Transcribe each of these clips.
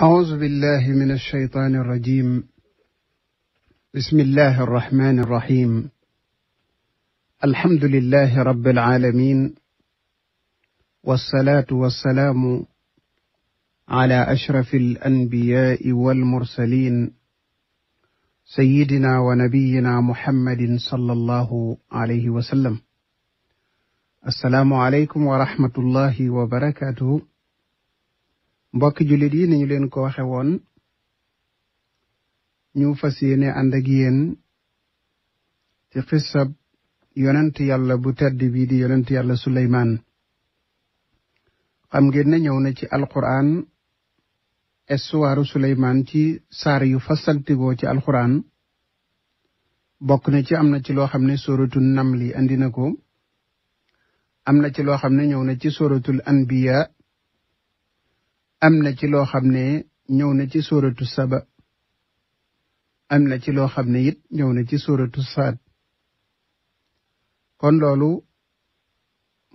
أعوذ بالله من الشيطان الرجيم بسم الله الرحمن الرحيم الحمد لله رب العالمين والصلاة والسلام على أشرف الأنبياء والمرسلين سيدنا ونبينا محمد صلى الله عليه وسلم السلام عليكم ورحمة الله وبركاته mbokki jullit yi ni ñu leen ko waxe woon ñu fas yéene ànd ak yéen ci xissab yonent yàlla bu tedd bii di yonent yàlla suleymaan xam ngeen ne ñëw na ci alxuraan estuwaaru suleymaan ci saar yu fasantigoo ci alquran bokk na ci am na ci loo xam ne sóoratul namli indi na ko am na ci loo xam ne ñëw na ci sóoratul anbiya am na ci loo xam ne ñëw na ci sóoratu saba am na ci loo xam ne it ñëw na ci sóoratu saad kon loolu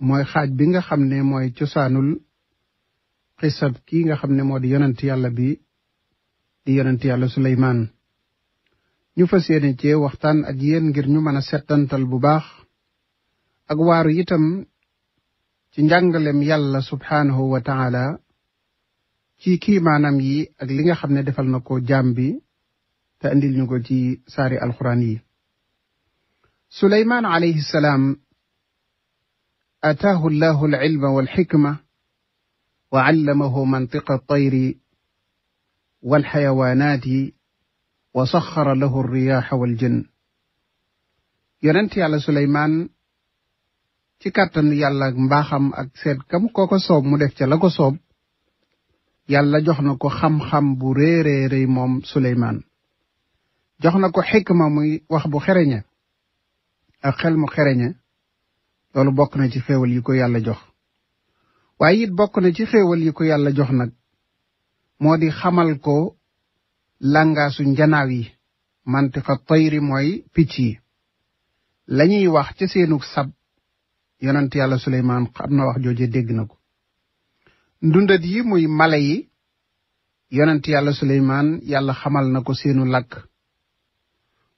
mooy xaaj bi nga xam ne mooy cosaanul xisab kii nga xam ne moo di yonent yàlla bi di yonent yàlla Suleymaan ñu fas yéene cee waxtaan ak yéen ngir ñu mën a settantal bu baax ak waaru itam ci njàngalem yàlla subhaanahu wa taala ci kii maanaam yi ak li nga xam ne defal na ko jaam bi te indil ñu ko ci saari alxuraan yi suleymaan alayhi salaam ataahu allahu alilma walxikma wa allamahu mantiqa tayri walxayawaanaati wa saxara lahu alriyaaxa waljën yonent yàlla suleymaan ci kàttan yàlla ak mbaaxam ak seet kam kooko soob mu def ca la ko soob yàlla jox na ko xam-xam bu réeree rëy moom suleymaan jox na ko xikma muy wax bu xereñe ak xel mu xereñe loolu bokk na ci xéewal yi ko yàlla jox waaye bokk na ci xéewal yi ko yàlla jox nag moo di xamal ko langaasu njanaaw yi mantiqa tayri mooy picc yi lañuy wax ca seenug sab yonent yàlla suleymaan xam na wax jooje dégg na ko ndundat yi muy mala yi yonent yàlla suleymaan yàlla xamal na ko seenu làkk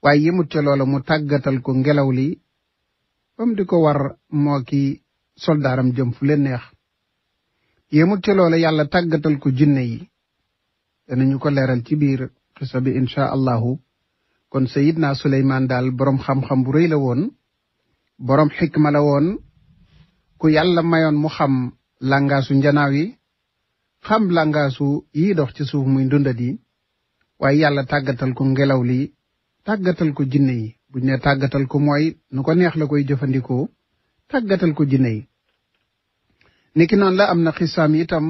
waaye yemut ca loola mu tàggatal ko ngelaw li ba mu di ko war moo ki soldaaram jëm fu leen neex yemut ca loola yàlla tàggatal ko jinne yi danañu ko leeral ci biir xisa bi incha allahu kon sayidna suleymaan daal boroom xam-xam bu rëy la woon boroom xikma la woon ku yàlla mayoon mu xam langaasu njanaaw yi xam langaasu yi dox ci suuf muy ndundat yi waaye yàlla tàggatal ko ngelaw li tàggatal ko jinne yi buñ ne tàggatal ko mooy nu ko neex la koy jëfandikoo tàggatal ko jinne yi niki noonu la am na xisaam itam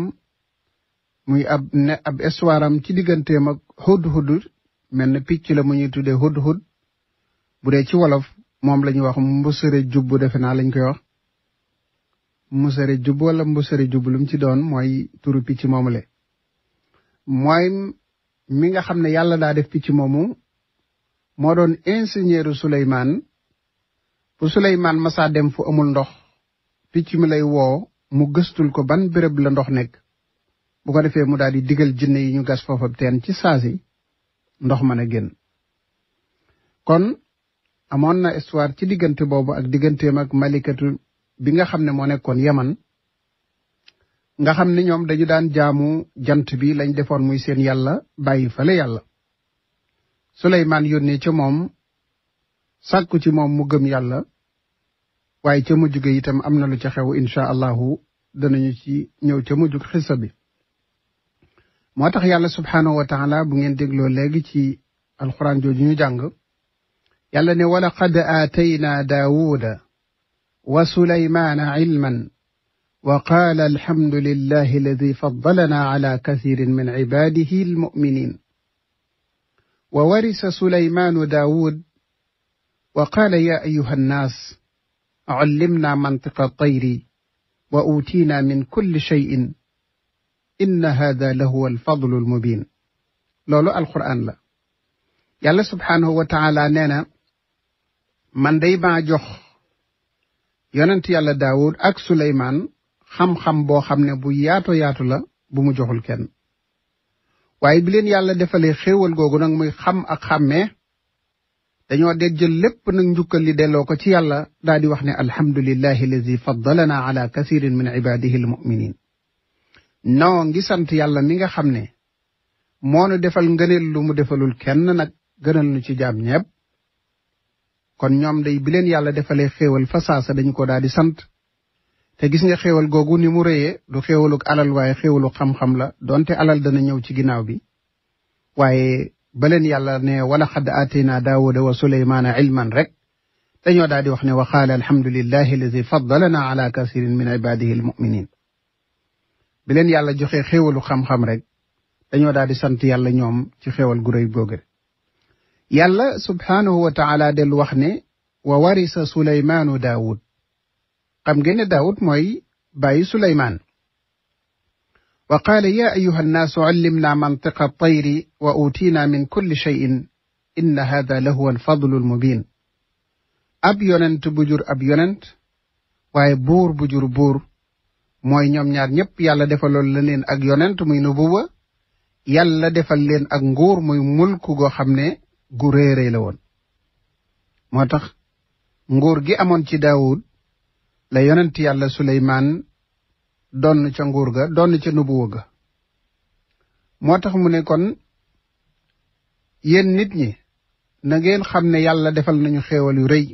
muy ab ne ab histoire ci digganteem ak hudhud mel na picc la mu ñuy tuddee hudhud bu dee ci wolof moom la ñuy wax mbusëre jubbu defe naa lañ koy wax musare jub wala musare jub lu mu ci doon mooy turu picc moomule mooy mi nga xam ne yàlla daa def picc moomu moo doon ingénieur Souleymane bu Souleymane masaa dem fu amul ndox picc mi lay woo mu gëstul ko ban béréb la ndox nekk bu ko defee mu daal di digal jinne yi ñu gas foofa teen ci saasi ndox mën a génn kon amoon na histoire ci diggante boobu ak digganteem ak malikatu bi nga xam ne moo nekkoon yaman nga xam ne ñoom dañu daan jaamu jant bi lañ defoon muy seen yàlla bàyyi fale yàlla Suleymaan yónnee ca moom sàkku ci moom mu gëm yàlla waaye ca mujj ga itam am na lu ca xew incha allahu danañu ci ñëw ca mujj xisa bi moo tax yàlla subhaanahu wa bu ngeen dégloo léegi ci alxuraan jooju ñu jàng yàlla ne wala qad aataynaa daawuda wa sulaymaana ilman wa qaala alhamdulillahi alladi faddalanaa ala kathiirin min cibaadihi almu'miniin wa warisa sulaymaanu daawuud wa qaala yaa ayuha annaas callimnaa mantiqa tayri wa uutiinaa min kulli shayin inna haada lahuwa alfadlu almubiin loolu alqur'aan la yàlla subhaanahu wa taala nee na man day maa jox yonent yàlla daawud ak suleymaan xam-xam boo xam ne bu yaato yaatu la bu mu joxul kenn waaye bi leen yàlla defalee xéewal googu nag muy xam ak xàmmee dañoo dejjël lépp nag njukkal li delloo ko ci yàlla daal di wax ne alhamdulillahi allazi faddalana ala kasirin min ibadihi almuminin noo ngi sant yàlla mi nga xam ne moo nu defal lu mu defalul kenn nag gënal ci jaam kon ñoom day bi yàlla defalee xéewal fa saasa dañu ko daal di sant te gis nga xéewal googu ni mu réyee du xéewaluk alal waaye xéewalu xam-xam la donte alal dana ñëw ci ginnaaw bi waaye ba leen yàlla ne wala xadd aatayna daawuda wa suleymaana ilman rek dañoo daal di wax ne wa qaala alhamdulillahi alladi faddalana ala kasirin min ibadihi almuminin bi leen yàlla joxe xéewalu xam-xam rek dañoo daal di sant yàlla ñoom ci xéewal gu rëy googu yàlla subhaanahu wa taala dellu wax ne wa warisa suleymaanu daawud xam ngeen ne daawud mooy bàyyi suleymaan wa qaala yaa ayuha nnaasu allimnaa mantiqa tayri wa utiinaa min kulli sheyin inna haada lahuwa alfadlu almubin ab yonent bu ab yonent waaye buur bu buur mooy ñoom ñaar ñépp yàlla defaloon la leen ak yonent muy nubuwa yàlla defal leen ak nguur muy mulk xam ne gu réeréy la woon moo tax nguur gi amoon ci daawud la yonent yàlla suleymaan donn ca nguur ga donn ca nubuwa ga moo tax mu ne kon yéen nit ñi na ngeen xam ne yàlla defal nañu xéewal yu rëy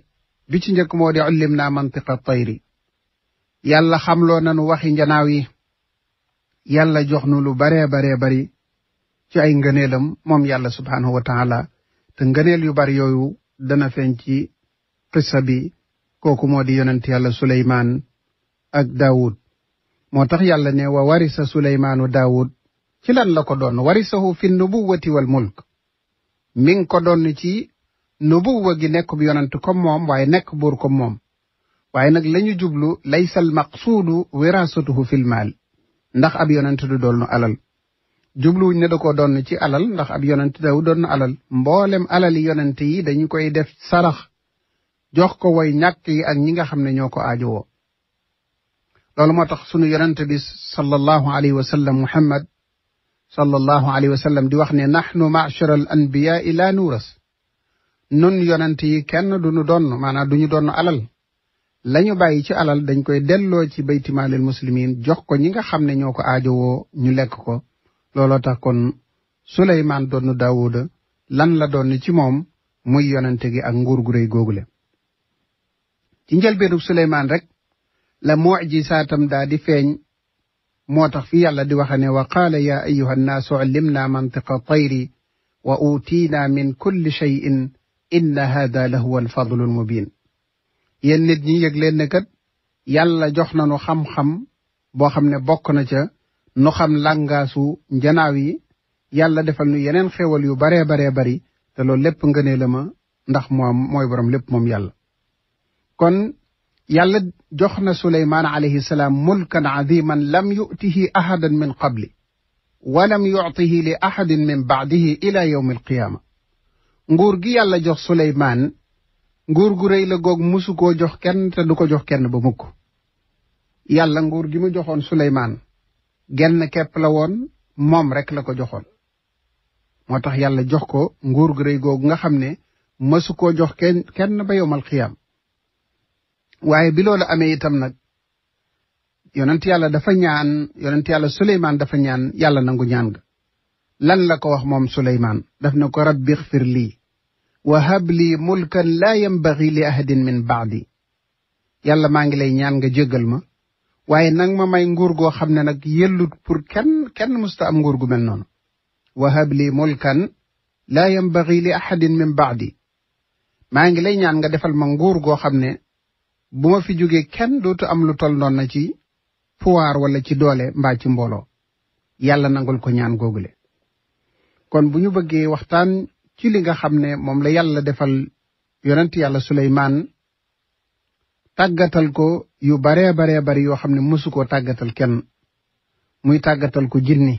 bi ci njëkk moo di ullim naa mantiqa tayri yàlla xamloo nañu waxi njanaaw yi yàlla jox nu lu baree baree bari ci ay ngëneelam moom yàlla subhaanahu wa te ngëneel yu bari yooyu dana feeñ ci xissa bi kooku moo di yonent yàlla suleymaan ak daawud moo tax yàlla ne wa warisa suleymaanu daawud ci lan la ko doon warisahu fi nubuwati wal mulk mi ko doon ci nubuwa gi nekkub yonent comme moom waaye nekk buur comme moom waaye nag la ñu jublu laysa al maqsuudu wirasatuhu fil maal ndax ab yonent du doon nu alal jubluwuñ ne da ko doon ci alal ndax ab yonent daw doon na alal mboolem alali yonent yi dañu koy def sarax jox ko woy ñàkk yi ak ñi nga xam ne ñoo ko aajowoo loolu moo tax sunu yonent bi sallallahu alayhi wa sallam muhammad sallallahu alayhi wa di wax ne nahnu ma'shar al anbiya'i la nuuras nun yonent yi kenn du duñu donn maanaam duñu donn alal lañu bàyyi ci alal dañ koy delloo ci baytimaalil muslimin jox ko ñi nga xam ne ñoo ko aajowoo ñu lekk ko looloo tax kon suleymaan doon lan la doon ci moom muy yonente gi ak nguur gu réy googule ci njëlbeenug suleymaan rek la mucjisaatam daa di feeñ moo tax fi yàlla di waxe ne ya qaala yaa ayuha nnaasu allimnaa mantiqa tayri wa utiinaa min kulli cheyin inna haada la huwa alfadlu almubin yéen nit ñi yëg ne kat yàlla jox nanu xam-xam boo xam ne bokk na ca nu xam làngaasu njanaaw yi yàlla defal nu yeneen xewal yu bare baree bari te loolu lépp ngënee la ma ndax moom mooy borom lépp moom yàlla kon yàlla jox na suleymaan alayhi salaam mulkan aziman lam yutihi ahadan min qabli wa lam yutihi li ahadin min baadihi ila yowmi alqiyaama nguur gi yàlla jox suleymaan nguur gu rëy la goog musu jox kenn te du ko jox kenn ba mukk yàlla nguur gi mu joxoon suleymaan genn kepp la woon moom rek la ko joxoon moo tax yàlla jox ko nguur gu rëy googu nga xam ne mësu koo jox kenn kenn ba yowmal xiyaam waaye bi loolu amee itam nag yonent yàlla dafa ñaan yonent yàlla suleymaan dafa ñaan yàlla nangu ñaan ga lan la ko wax moom suleymaan daf na ko rabbi xfir lii wa hab lii mulkan laa yambaxi li ahadin min baadi yàlla maa ngi lay ñaan nga jéggal ma waaye nang ma may nguur goo xam ne nag yellut pour kenn kenn musta am nguur gu mel noonu wahab li mulkan laa yambagi li ahadin baax di maa ngi lay ñaan nga defal ma nguur goo xam ne bu ma fi jógee kenn dootu am lu tol noon na ci pouvoir wala ci doole mbaa ci mbooloo yàlla nangul ko ñaan googule kon bu ñu bëggee waxtaan ci li nga xam ne moom la yàlla defal yonent yàlla suleymaan tàggatal ko yu baree baree bari yoo xam ne mosu koo tàggatal kenn muy tàggatal ko jinni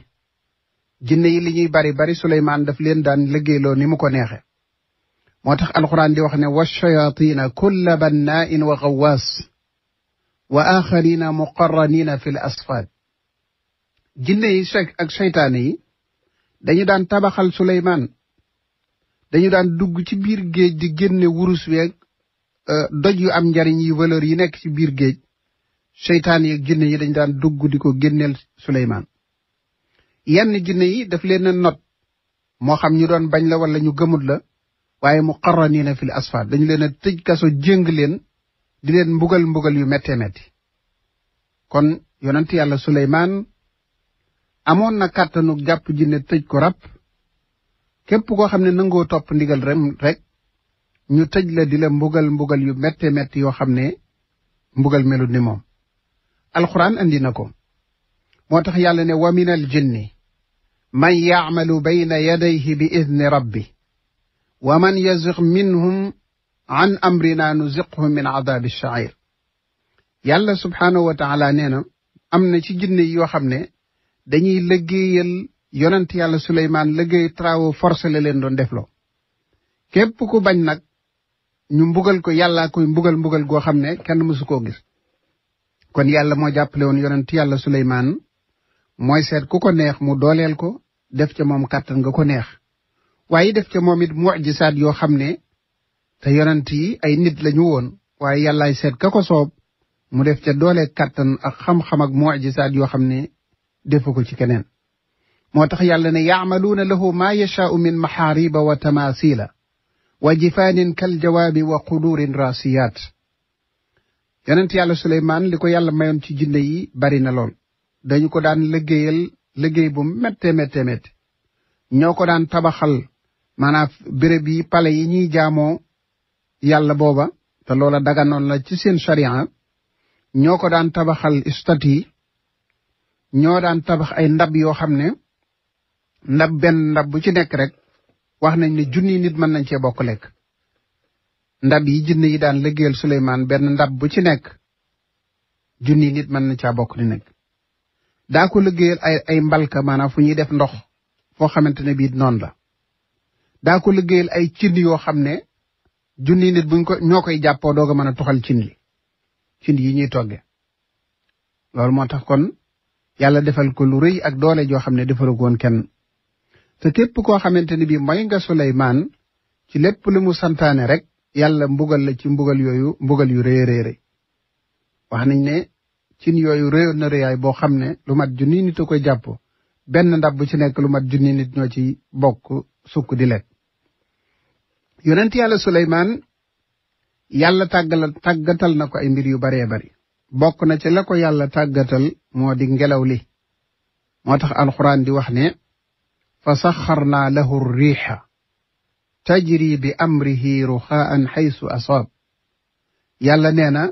jinne yi li ñuy bari bari suleymaan daf leen daan liggéeyloo ni mu ko neexe moo tax alxuraan di wax ne wa shayaatiina kulla bannaa'in wa xawaas wa axarina muqarranina fi l asfaad jinne yi ak seytaane yi dañu daan tabaxal suleymaan dañu daan dugg ci biir géej di génne wurus weeg Euh, doj yu am njariñ yi valeur yi nekk ci biir géej seytaan yi jinne yi dañ daan dugg di ko génneel Suleymaan yenn jinne yi daf leen a not moo xam ñu doon bañ la wala ñu gëmut la waaye mu qarraniina fil asfaal dañu leen a tëj kaso jéng leen di leen mbugal mbugal yu méttee métti kon yonent yàlla Suleymaan amoon na kàttanu jàpp jinne tëj ko ràpp képp koo xam ne nangoo topp ndigal rem rek ñu tëj la di la mbugal mbugal yu métte métti yoo xam ne mbugal melut ni moom alxuraan andi na ko moo tax yàlla ne wa min al jinni man yaamalu bayna yadayhi bi idni rabbi wa man yaziq minhum an amrina nuziqhu min adaabi shair yàlla subhaanahu wa taala nee na am na ci jinne yoo xam ne dañuy liggéeyal yonent yàlla Suleymaan liggéey travaux forcés la leen doon defloo képp ku bañ nag ñu mbugal ko yàllaa koy mbugal mbugal goo xam ne kenn mësu koo gis kon yàlla moo jàppale woon yonent yàlla Suleymaan mooy seet ku ko neex mu dooleel ko def ca moom kàttan ga ko neex waaye def ca moom it mujisaat yoo xam ne te yonent yi ay nit lañu woon waaye yàllaay seet ka ko soob mu def ca doole kàttan ak xam-xam ak mujisaat yoo xam ne defu ko ci keneen moo tax yàlla ne yaamaluuna lahu maa yashaau min maxaariba wa tamaasila wa jifaanin kal jawaabi wa quduurin raasiyaat yonent yàlla suleymaan li ko yàlla mayoon ci jinne yi bari na lool dañu ko daan liggéeyal liggéey bu mette métte métte ñoo ko daan tabaxal maanaam béréb yi pale yi ñuy jaamoo yàlla booba te loola daganoon la ci seen charia ñoo ko daan tabaxal stati ñoo daan tabax ay ndab yoo xam ne ndab benn ndab bu ci nekk rek wax nañ ne junni nit mën nañ cee bokk lekk ndab yi jinne yi daan liggéeyal Suleymaan benn ndab bu ci nekk junni nit mën nañ caa bokk di nekk daa ko liggéeyal ay ay mbalka maanaam fu ñuy def ndox foo xamante ne bii noonu la daa ko liggéeyal ay cin yoo xam ne junni nit buñ ko ñoo koy jàppoo doog a mën a toxal cin li yi ñuy togge loolu moo tax kon yàlla defal ko lu rëy ak doole joo xam ne defalu woon kenn te képp koo xamante ni bii mooy nga Suleymaan ci lépp lu mu santaane rek yàlla mbugal la ci mbugal yooyu mbugal yu rëy rëy rëy wax nañ ne cin yooyu réyoon na réyaay boo xam ne lu mat junni nit a koy jàpp benn ndab bu ci nekk lu mat junni nit ñoo ci bokk sukk di lekk yonent yàlla Suleymaan yàlla tàggal tàggatal na ko ay mbir yu baree bari bokk na ci la ko yàlla tàggatal moo di ngelaw li moo tax alxuraan di wax ne fa saxarnaa lahu riixa tajri bi amrihi ruxaan xaysu asaab yàlla nee na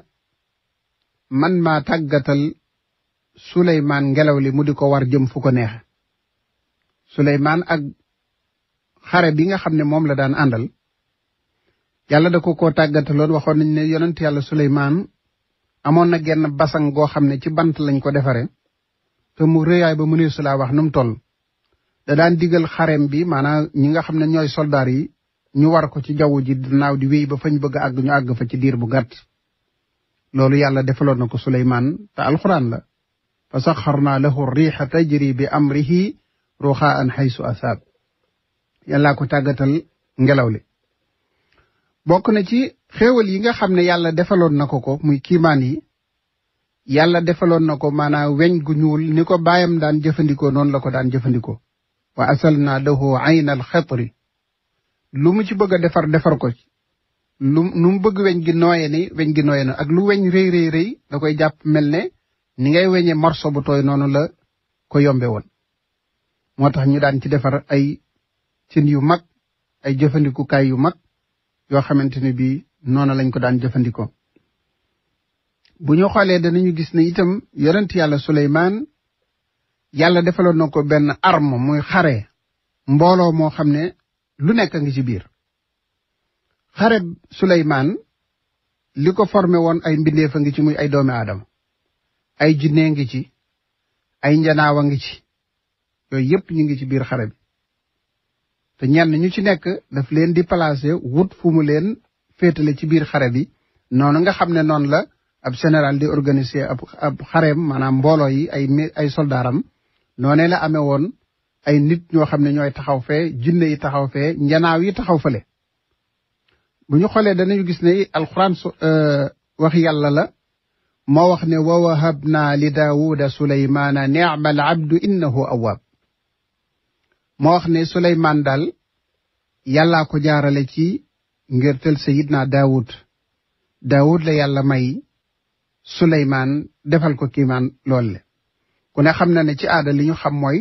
man maa tàggatal suleymaan ngelaw li mu di ko war jëm fu ko neexe suleymaan ak xare bi nga xam ne moom la daan àndal yàlla da ko ko tàggataloon waxoon nañ ne yonent yàlla suleymaan amoon na genn basang goo xam ne ci bant lañ ko defare te mu rëyaay ba mu ne wax nu mu toll da daan digal xarem bi maanaam ñi nga xam ne ñooy soldaar yi ñu war ko ci jaww ji naaw di wéy ba fañ bëgg a àgg ñu àgg fa ci diir bu gàtt loolu yàlla defaloon na ko suleymaan te alxuraan la fa saxarnaa lahu riixa tajri bi amrihi ruxaan xaysu asaab yàllaa ko tàggatal ngelaw li bokk na ci xéewal yi nga xam ne yàlla defaloon na ko ko muy kiimaan yi yàlla defaloon na ko maanaam weñ gu ñuul ni ko baayam daan jëfandikoo noonu la ko daan jëfandikoo wa asalna na ayna al xetri lu mu ci bëgg defar defar ko ci lu nu mu bëgg weñ gi nooye ni weñ gi nooye na ak lu weñ rëy rëy rëy da koy jàpp mel ne ni ngay weñe morso bu tooy noonu la ko yombe woon moo tax ñu daan ci defar ay cin yu mag ay jëfandikukaay yu mag yoo xamante ne bii noonu lañ ko daan jëfandikoo bu ñu xoolee danañu gis ne itam yonent yàlla Suleymaan yàlla defaloon na ko benn arme muy xare mbooloo moo xam ne lu nekk a ngi ci biir xare Suleymaan li ko formé woon ay mbindeef a ngi ci muy ay doomi aadama ay jinne ngi ci ay njanaaw a ngi ci yooyu yépp ñu ngi ci biir xare bi te ñenn ñu ci nekk daf leen di placé wut fu mu leen féetale ci biir xare bi noonu nga xam ne noonu la ab général di organiser ab ab xareem maanaam mbooloo yi ay ay soldaaram noonee la amee woon ay nit ñoo xam ne ñooy taxaw fee jinne yi taxaw fee njanaaw yi taxaw fa le bu ñu xoolee danañu gis ne alxuraan su euh, wax yàlla la moo wax ne wa wahabna li daawuda suleymaana ni'mal abdu innahu awaab moo wax ne suleymaan daal yàllaa ko jaarale ci ngir tël sayidna daawud daawud la yàlla may suleymaan defal ko kiimaan lool ku ne xam na ne ci aada li ñu xam mooy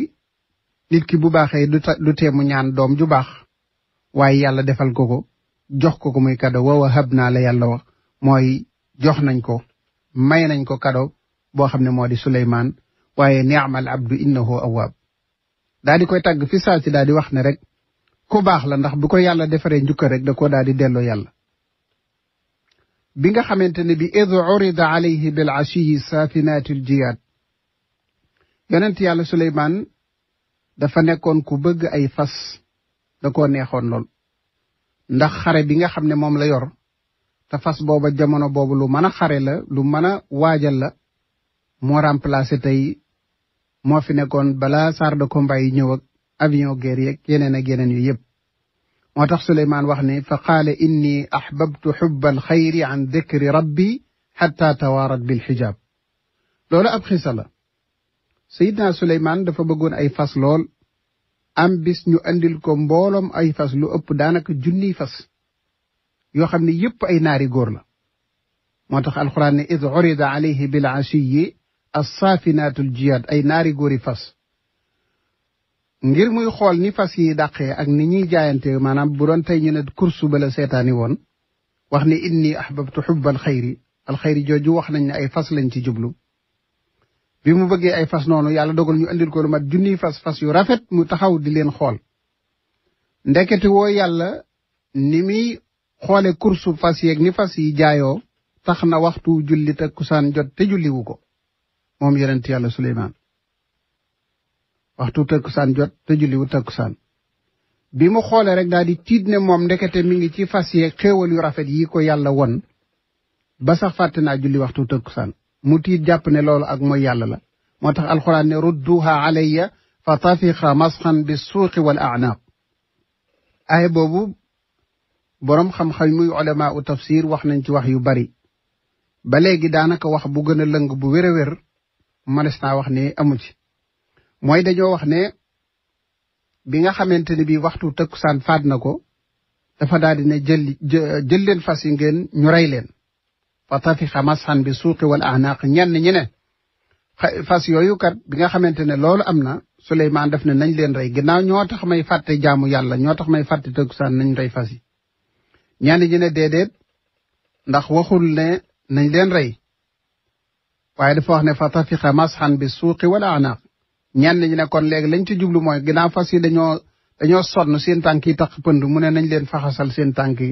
nit ki bu baaxee du du teemu ñaan doom ju baax waaye yàlla defal ko ko jox ko ko muy kado wawa hab naa la yàlla wax mooy jox nañ ko may nañ ko kado boo xam ne moo di Suleymaan waaye ni'mal abdu innahu awwaab daa di koy tàgg fi saa daa di wax ne rek ku baax la ndax bu ko yàlla defaree njukka rek da ko daa di delloo yàlla bi nga xamante ne bi id urida alayhi bil ashiyi jiyaat yonent yàlla suleymaan dafa nekkoon ku bëgg ay fas da koo neexoon lool ndax xare bi nga xam ne moom la yor te fas booba jamono boobu lu mën a xare la lu mën a waajal la moo remplacé tey moo fi nekkoon balaa chars de combat yi ñëw ak avion guerre yeeg yeneen ak yeneen yu yëpp moo tax suleymaan wax ne fa qaala inni ahbabtu xubba alxayri an dikri rabbi xatta tawaarat bilxijaab loolu ab xisa la seydina suleymaan dafa bëggoon ay fas lool am bis ñu indil ko mbooloom ay fas lu ëpp daanaka junniy fas yoo xam ne yépp ay naari góor la moo tax alxuraan ne id urida alayhi bil ay naari góori fas ngir muy xool ni fas yi dàqee ak ni ñuy jaayante maanaam bu doon tey ñu ne kursu ba seetaani woon wax ne inni ahbabtu xubba alxayri alxayri jooju wax nañ ne ay fas lañ ci jublu bi mu bëggee ay fas noonu yàlla dogal ñu indil ko lu mat junniy fas fas yu rafet mu taxaw di leen xool ndeketi woo yàlla ni muy xoole kursu fas yeeg ni fas yi jaayoo tax na waxtu julli takkusaan jot te julliwu ko moom yonent yàlla Suleymaan waxtu takkusaan jot te julliwu takkusaan bi mu xoolee rek daal di tiit ne moom ndekete mi ngi ci fas yeeg xéewal yu rafet yi ko yàlla won ba sax fàtte naa julli waxtu takkusaan mu tiit jàpp ne loolu ak mooy yàlla la moo tax alxuraan ne rudduha alayya fa tafiqa masxan bi suuqi wal anaaq aaya boobu boroom xam-xam muy ulama u tafsir wax nañ ci wax yu bari ba léegi daanaka wax bu gën a lëng bu wér a naa wax ne amu ci mooy dañoo wax ne bi nga xamante ne bii waxtu tëkkusaan faat na ko dafa daal di ne jël jël leen fas yi ngeen ñu rey leen fa tafixa masxan bi suuqi wal anaaq ñenn ñi ne fas yooyu kat bi nga xamante ne loolu am na Suleymaan def ne nañ leen rey ginnaaw ñoo tax may fàtte jaamu yàlla ñoo tax may fàtte tëggsaan nañ rey fas yi ñenn ñi ne déedéet ndax waxul ne nañ leen rey waaye dafa wax ne fa tafixa masxan bi suuqi wal anaaq ñenn ñi ne kon léegi lañ ci jublu mooy ginnaaw fas yi dañoo dañoo sonn seen tànk yi tax pënd mu ne nañ leen faxasal seen tànk yi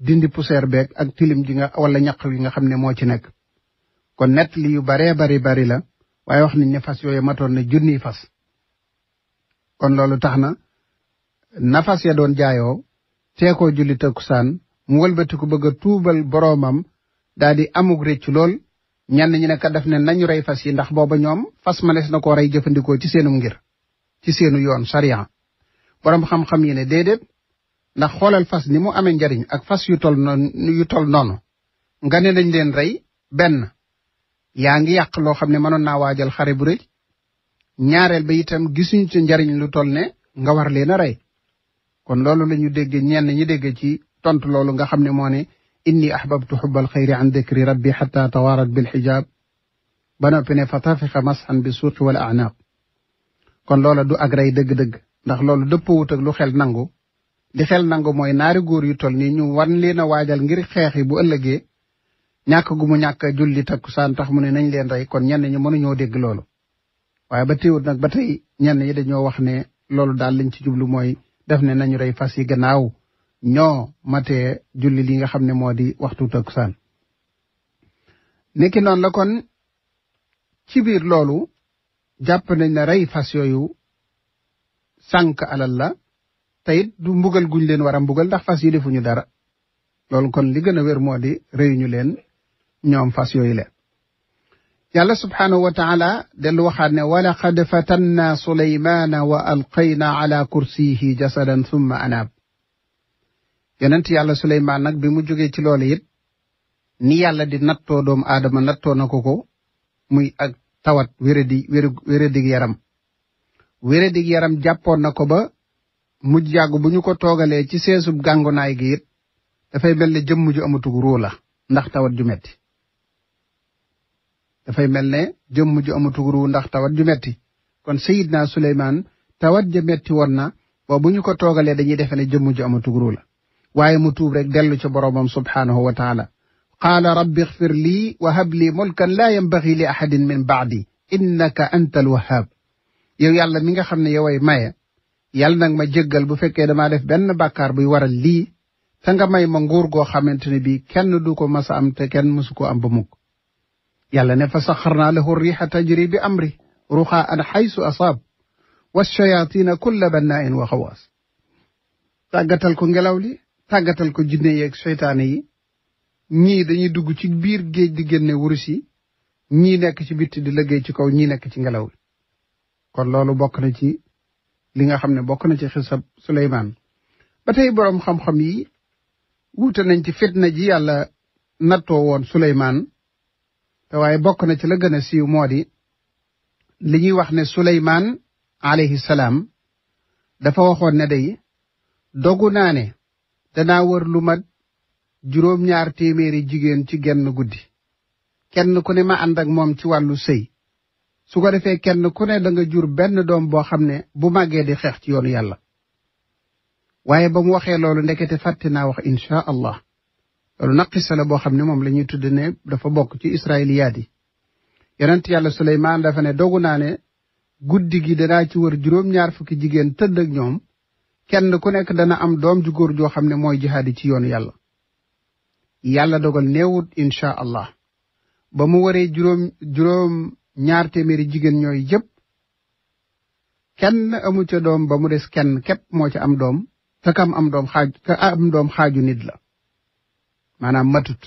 dindi poussière beeg ak tilim ji nga wala ñaq yi nga xam ne moo ci nekk kon net li yu baree bari bari la waaye wax nañ ne fas yooyu matoon na junniy fas kon loolu tax na nafas fas ya doon jaayoo teekoo julli takkusaan mu wëlbatiku bëgg a tuubal boroomam daal di amug rëcc lool ñan nañu ne kat daf ne nañu rey fas yi ndax booba ñoom fas ma des na koo rey jëfandikoo ci seenum ngir ci seenu yoon sariya boroom xam-xam yi ne déedéet ndax xoolal fas ni mu amee njariñ ak fas yu tol noonu yu tol noonu nga ne nañ leen rey benn yaa ngi yàq loo xam ne mënoon naa waajal xare bu rëy ñaareel ba itam gisuñu ci njariñ lu tol ne nga war leen a rey kon loolu la ñu dégg ñenn ñi dégg ci tontu loolu nga xam ne moo ne inni ahbabtu xubbal xayri an dikri rabbi xata tawaarat bil xijaab ba noppi ne fa tafixa masxan bi suuqi wala anaaq kon loola du ak rey dëgg-dëgg ndax loolu dëppawut ak lu xel nangu li xel nangu mooy naari góor yu toll nii ñu wan leen a waajal ngir xeex yi bu ëllëgee ñàkk gu mu ñàkk a julli takkusaan tax mu ne nañ leen rey kon ñenn ñi mënuñoo dégg loolu. waaye ba teewut nag ba tey ñenn yi dañoo wax ne loolu daal lañ ci jublu mooy def ne nañu rey fas yi gannaaw ñoo matee julli li nga xam ne moo di waxtu takkusaan. niki noonu la kon ci biir loolu jàpp nañ ne rey fas yooyu sànq alal la. te it du mbugal guñ leen war a mbugal ndax fas yi defuñu dara loolu kon li gën wér moo di rëyuñu leen ñoom fas yooyu leen yàlla subhaanahu wa taala ne wa laqad fatanna suleymaana wa alqayna summa anaab yonent yàlla suleymaan nag bi mu jógee ci loolu it ni yàlla di nattoo doom adama nattoo na ko ko muy ak tawat wéradi wéradi yaram wéradi yaram jàppoon ko ba mujj yàgg bu ñu ko toogalee ci seesub gàngunaay gi it dafay mel ne jëmm ju amatug la ndax tawat ju metti dafay mel ne jëmm ju ndax tawat ju metti kon Seydina Suleymaan tawat ja metti woon na bu ñu ko toogalee dañuy defe ne jëmm ju amatug la waaye mu tuub rek dellu ca boroomam subhaanahu wa taala qaala rabbi xfir lii wa hab lii mulkan laa yambaxi li ahadin min baadi innaka anta alwahaab yow yàlla mi nga xam ne yoway maye yàlla nag ma jéggal bu fekkee damaa def benn bàkkaar buy waral lii te nga may ma nguur goo xamante ne bii kenn du ko mas a am te kenn mësu ko am ba mukk yàlla ne fa saxarnaa lahu riixa tajri bi amri ruxaa an xaysu asaab wa shayaatiina kulla bannaa'in wa xawaas tàggatal ko ngelaw li tàggatal ko jinne yeeg seytaane yi ñii dañuy dugg ci biir géej di génne wurus yi ñii nekk ci bitti di liggéey ci kaw ñii nekk ci ngelaw li kon loolu bokk na ci li nga xam ne bokk na ci xisab Suleymaan ba tey boroom xam-xam yi wuute nañ ci fitna ji yàlla nattoo woon Suleymaan te waaye bokk na ci la gën a siiw moo di li ñuy wax ne Suleymaan alayhi salaam dafa waxoon ne day dogu naa ne danaa wër lu mat juróom-ñaar téeméeri jigéen ci genn guddi kenn ku ne ma ànd ak moom ci wàllu sëy su ko defee kenn ku ne da nga jur benn doom boo xam ne bu màggee di xeex ci yoonu yàlla waaye ba mu waxee loolu ndekete fàtte naa wax insha allah loolu naqisa la boo xam ne moom la ñuy tudd ne dafa bokk ci israiliyaat yi yonent yàlla suleymaan dafa ne dogu naa ne guddi gi danaa ci war juróom-ñaar fukki jigéen tëdd ak ñoom kenn ku nekk dana am doom ju góor joo xam ne mooy jihaadi ci yoonu yàlla yàlla dogal neewut insha allah ba mu waree juróom ñaar téeméeri jigéen ñooyu yëpp kenn amu ca doom ba mu des kenn képp moo ca am doom te kam am doom xaaj doom xaaju nit la maanaam matut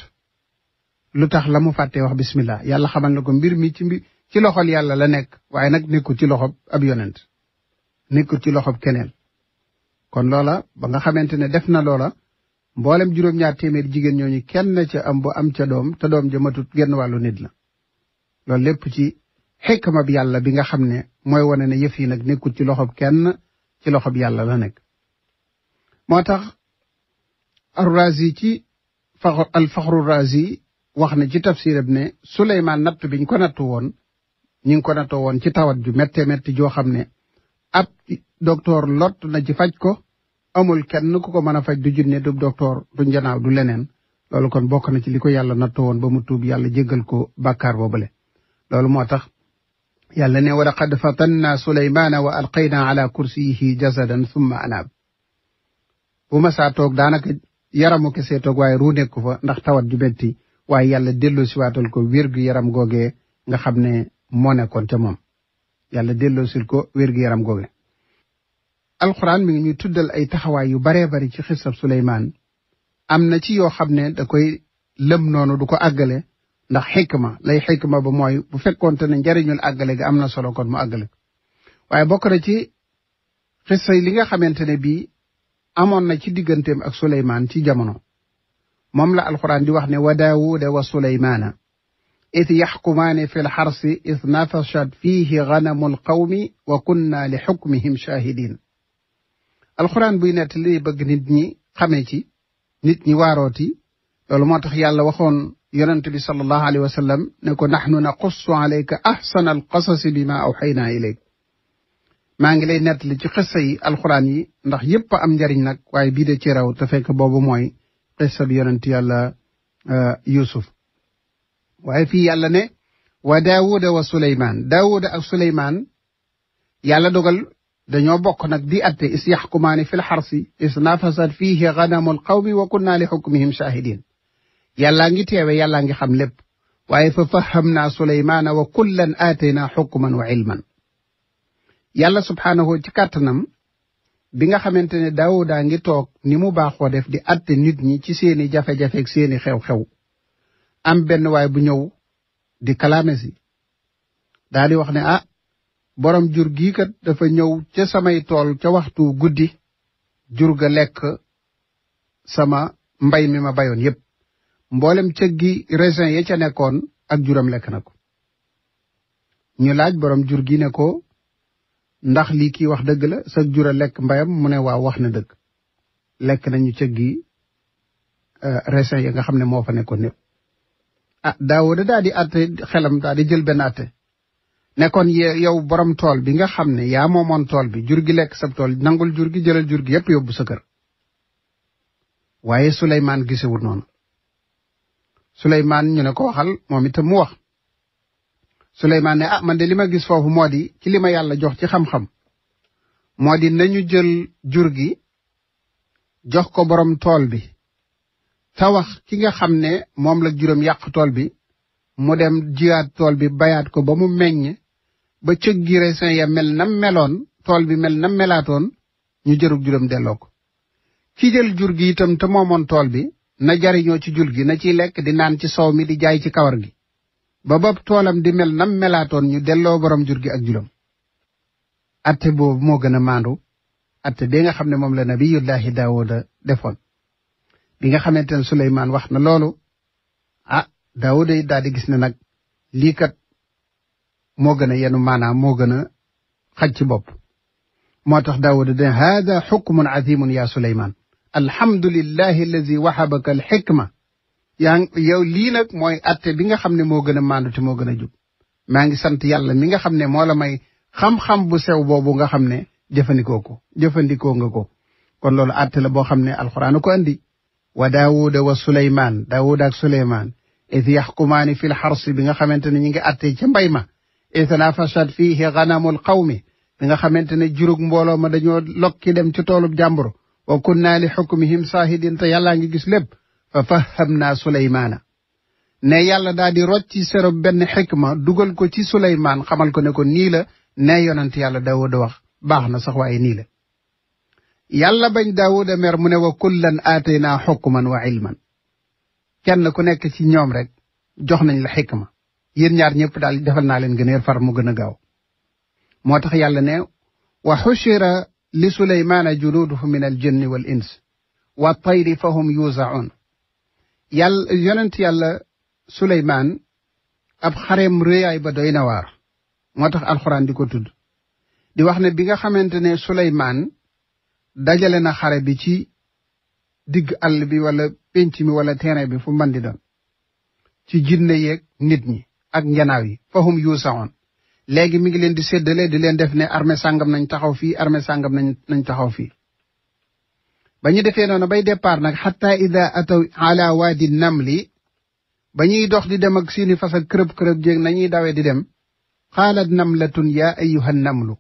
lu tax la mu fàtte wax bismillah yàlla xamal na ko mbir mi ci mbi ci loxol yàlla la nekk waaye nag nekkul ci loxob ab yonent nekkul ci loxob keneen kon loola ba nga xamante ne def na loola mboolem juróom-ñaar téeméeri jigéen ñooñu kenn ca am bu am ca doom te doom ja matut genn wàllu nit la loolu lépp ci xekma yàlla bi nga xam ne mooy wane ne yëf yi nag nekkul ci loxoob kenn ci loxob yàlla la nekk moo tax ar-Razi ci fa al-Faxru Razi wax na ci tafsirab ne Suleymaan natt ñu ko nattu woon ñi ngi ko nattoo woon ci tawat ju mettee mett joo xam ne ab docteur lott na ci faj ko amul kenn ku ko mën a faj du junne du docteur du njanaaw du leneen loolu kon bokk na ci li ko yàlla nattoo woon ba mu tuub yàlla jéggal ko bàkkaar boobale loolu moo tax yàlla ne wa laqad fatanna suleymaana wa alqaynaa ala kursiyihi jasadan summa anaab bu ma toog daanaka yaramu kesee toog waaye ruu nekku fa ndax tawat ju metti waaye yàlla delloo si waatal ko wérgu yaram googee nga xam ne moo nekkoon ca moom yàlla delloo sil ko wérgu yaram googe alxuraan mi ngi ñuy tuddal ay taxawaay yu baree bari ci xisab suleymaan am na ci yoo xam ne da koy lëm noonu du ko àggale ndax xikma lay xikma ba mooy bu fekkoonte ne njariñul àggale ga am na solo kon mu àggale ko waaye bokk na ci xissa li nga xamante ne bii amoon na ci digganteem ak suleymaan ci jamono moom la alxuraan di wax ne wa daawuda wa suleymaana it yaxkumaani fi lxarsi it nafashat fiihi ganamu lqawmi wa kunna li xukmihim shahidin alxuraan buy nett li bëgg nit ñi xamee ci nit ñi waarooti loolu moo tax yàlla waxoon yonent bi sallallahu alayhi wa sallam ne ko nahnu naqussu alayka ahsana alqasasi bima awxaynaa ilayk maa ngi lay nettali ci xissa yi alxuraan yi ndax yépp am njariñ nag waaye bii de ci raw te fekk boobu mooy xissa bi yonent yàlla eh, yusuf waaye fii yàlla ne wa daawuda wa suleymaan daawuda ak suleymaan yàlla dogal dañoo bokk nag di atte is yaxkumaani fi lxarsi is nafasat fiihi ganamu alqawmi wa kunna li xukmihim shahidin yàllaa ngi teewe yàllaa ngi xam lépp waaye fa fahamnaa suleymaana wa kullan aataynaa xukman wa ilman yàlla subhaanahu ci kàttanam bi nga xamante ne daawudaa ngi toog ni mu baaxoo def di àtte nit ñi ci seeni jafe-jafe seeni xew-xew am benn waay bu ñëw di kalaame si daa di wax ne ah boroom jur gii kat dafa ñëw ca samay tool ca waxtu guddi jur ga lekk sama mbay mi ma bayoon yépp mboolem cëg gi raisin ya ca nekkoon ak juram lekk na ko ñu laaj boroom jur gi ne ko ndax lii kiy wax dëgg la sa jura lekk mbayam mu ne waaw wax na dëgg lekk nañu cëg gi euh, raisin ya nga xam ne moo fa nekkoon yëpp ah daawooda daal di àtte xelam daal di jël benn àtte nekkoon yow borom tool bi nga xam ne yaa moomoon tool bi jur gi lekk sab tool nangul jur gi jëlal jur gi yëpp yóbbu sa kër waaye Suleymaan gisewul noonu suleymaan ñu ne ko waxal moom itam mu wax suleymaan ne ah man de li ma gis foofu moo di ci li ma yàlla jox ci xam-xam moo di nañu jur gi jox ko borom tool bi te ki nga xam ne moom la juróom yàq tool bi mu dem jiyaat tool bi bayaat ko ba mu meññ ba cëg resin ya mel na meloon tool bi mel nam melaatoon ñu jërug juróom delloo ko ki jël jur gi itam te moomoon tool bi na jariñoo ci jul gi na ciy lekk di naan ci soow mi di jaay ci kawar gi ba bopp toolam di mel nam melaatoon ñu delloo boroom jur gi ak julam atte boobu moo gën a maandu atte bi nga xam ne moom la nabiyullahi daawuda defoon bi nga xamante ne suleymaan wax na loolu ah daawuda yi daal di gis ne nag lii moo gën a yenu maanaam moo gën a xaj ci bopp moo tax daawuda de haada xukmun azimun yaa suleymaan alhamdulillahi allazi wahabaka al xikma yaa ngi yow lii nag mooy atte bi nga xam ne moo gën a maandu te moo gën a jub maa ngi sant yàlla mi nga xam ne moo la may xam-xam bu sew boobu nga xam ne jëfandikoo ko jëfandikoo nga ko kon loolu atte la boo xam ne alxuraan ko andi wa daawuda wa suleymaan daawuda ak suleymaan id yaxkumaani fi lxarsi bi nga xamante ne ñi ngi atte ca mbay ma itanafashat fiihi ganamul qawmi bi nga xamante ne jurug mbooloo ma dañoo lokki dem ci toolub jàmbur wa kunna li xukmihim saahidin te yàllaa ngi gis lépp fa fahamnaa suleymaana ne yàlla daal di rocc ci benn xikma dugal ko ci suleymaan xamal ko ne ko nii la ne yonent yàlla daawuda wax baax na sax waaye nii la yàlla bañ daawuda mer mu ne wa kullan aataynaa xukman wa ilman kenn ku nekk ci ñoom rek jox nañ la xikma yéen ñaar ñëpp daal defal naa leen gën gëneer far mu gën a gaaw moo tax yàlla ne wa xushira li suleymaana juluuduhu min al jinni wal ins wa tayri fa hum yuusaun yàlla yonent yàlla suleymaan ab xareem réyaay ba doy na waar moo tax alxuraan di ko tudd di wax ne bi nga xamante ne suleymaan dajale na xare bi ci digg àll bi wala pénc mi wala terrain bi fu mën di doon ci jinne yeeg nit ñi ak njanaaw yi fa hum yuusaun léegi mi ngi leen di séddale di leen def ne armée sangam nañ taxaw fii armée sàngam nañ nañ taxaw fii ba ñu defee noonu bay départ nag xata ida ataw ala waadi namli ba ñuy dox di dem ak seeni fas ak kërëb-kërëb jéeg nañuy dawee di dem xaalat namlatun yaa ayuha namlu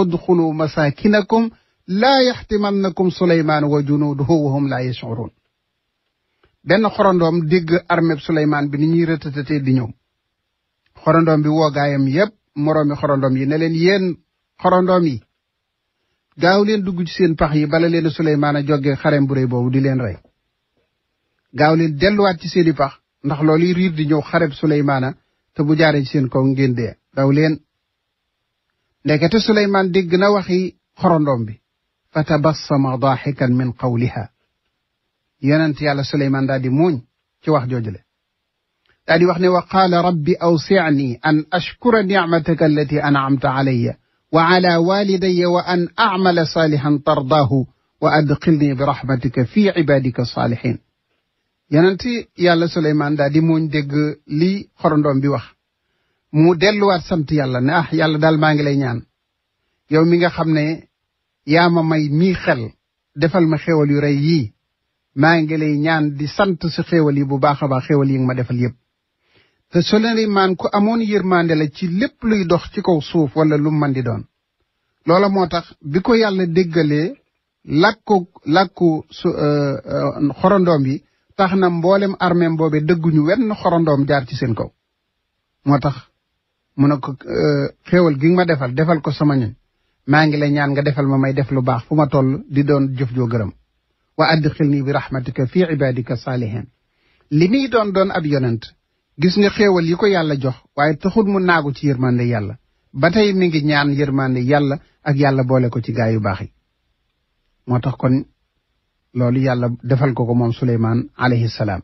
udxulu masakinakum na yaxtimannakum suleymaan wa junuuduhu wa hum laa yashcuruun benn xorondoom dégg armeb suleymaan bi ni ñuy rëtatatee di ñëw xorondoom bi woo gaayam yépp moroomi xorondom yi ne leen yéen xorondom yi gaaw leen dugg ci seen pax yi bala leen a Suleymaan a jóge xarem bu réy boobu di leen rey gaaw leen delluwaat ci seeni pax ndax loolu riir di ñëw xareb Suleymaana te bu jaaree ci seen kaw ngeen dee daw leen ndekete Suleymaan dégg na waxi xorondom bi fa tabassama daaxikan min qawliha yonent yàlla Suleymaan daal di muuñ ci wax joojule daa wax ne wa qaala rabbi awsicni an ashkura nicmataka allati anamta alayya wa ala walidaya wa an acmala saalihan tardaahu wa adxilni bi rahmatika fi cibadika saalihin yonenti yàlla Suleymaan daa di muñ dégg lii xorondoom bi wax mu delluwaat sant yàlla ne ah, yàlla daal maa ngi lay ñaan yow mi nga xam ne yaa ma may mii xel defal ma xéewal yu rey yii maa ngi ñaan di sant si xéewal yi bu baax a baax xéewal yi ma defal yépp te Suleymaan ku amoon maande la ci lépp luy dox ci kaw suuf wala lu man di doon loola moo tax bi ko yàlla déggalee làkku làkku su euh, euh, xorondoom yi tax na mboolem armeem boobe dëgguñu wenn xorondoom jaar ci seen kaw moo tax mu ne ko euh, xewal gi nga ma defal defal ko sama ñun maa ngi la ñaan nga defal ma may def lu baax fu ma toll di doon jëf joo gërëm wa adxil nii bi rahmatika fii ibadika saalihin li muy doon doon ab yonent gis nga xéewal yi ko yàlla jox waaye taxul mu naagu ci yërmande yàlla ba tey mi ngi ñaan yërmande yàlla ak yàlla boole ko ci gaa yu baax yi moo tax kon loolu yàlla defal ko ko moom Suleymaan alayhi salaam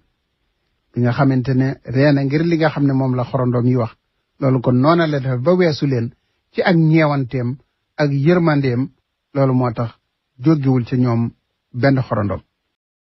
bi nga xamante ne reena ngir li nga xam ne moom la xorondoom yi wax loolu kon noona la def ba weesu leen ci ak ñeewanteem ak yërmandeem loolu moo tax jóggiwul ci ñoom benn xorondoom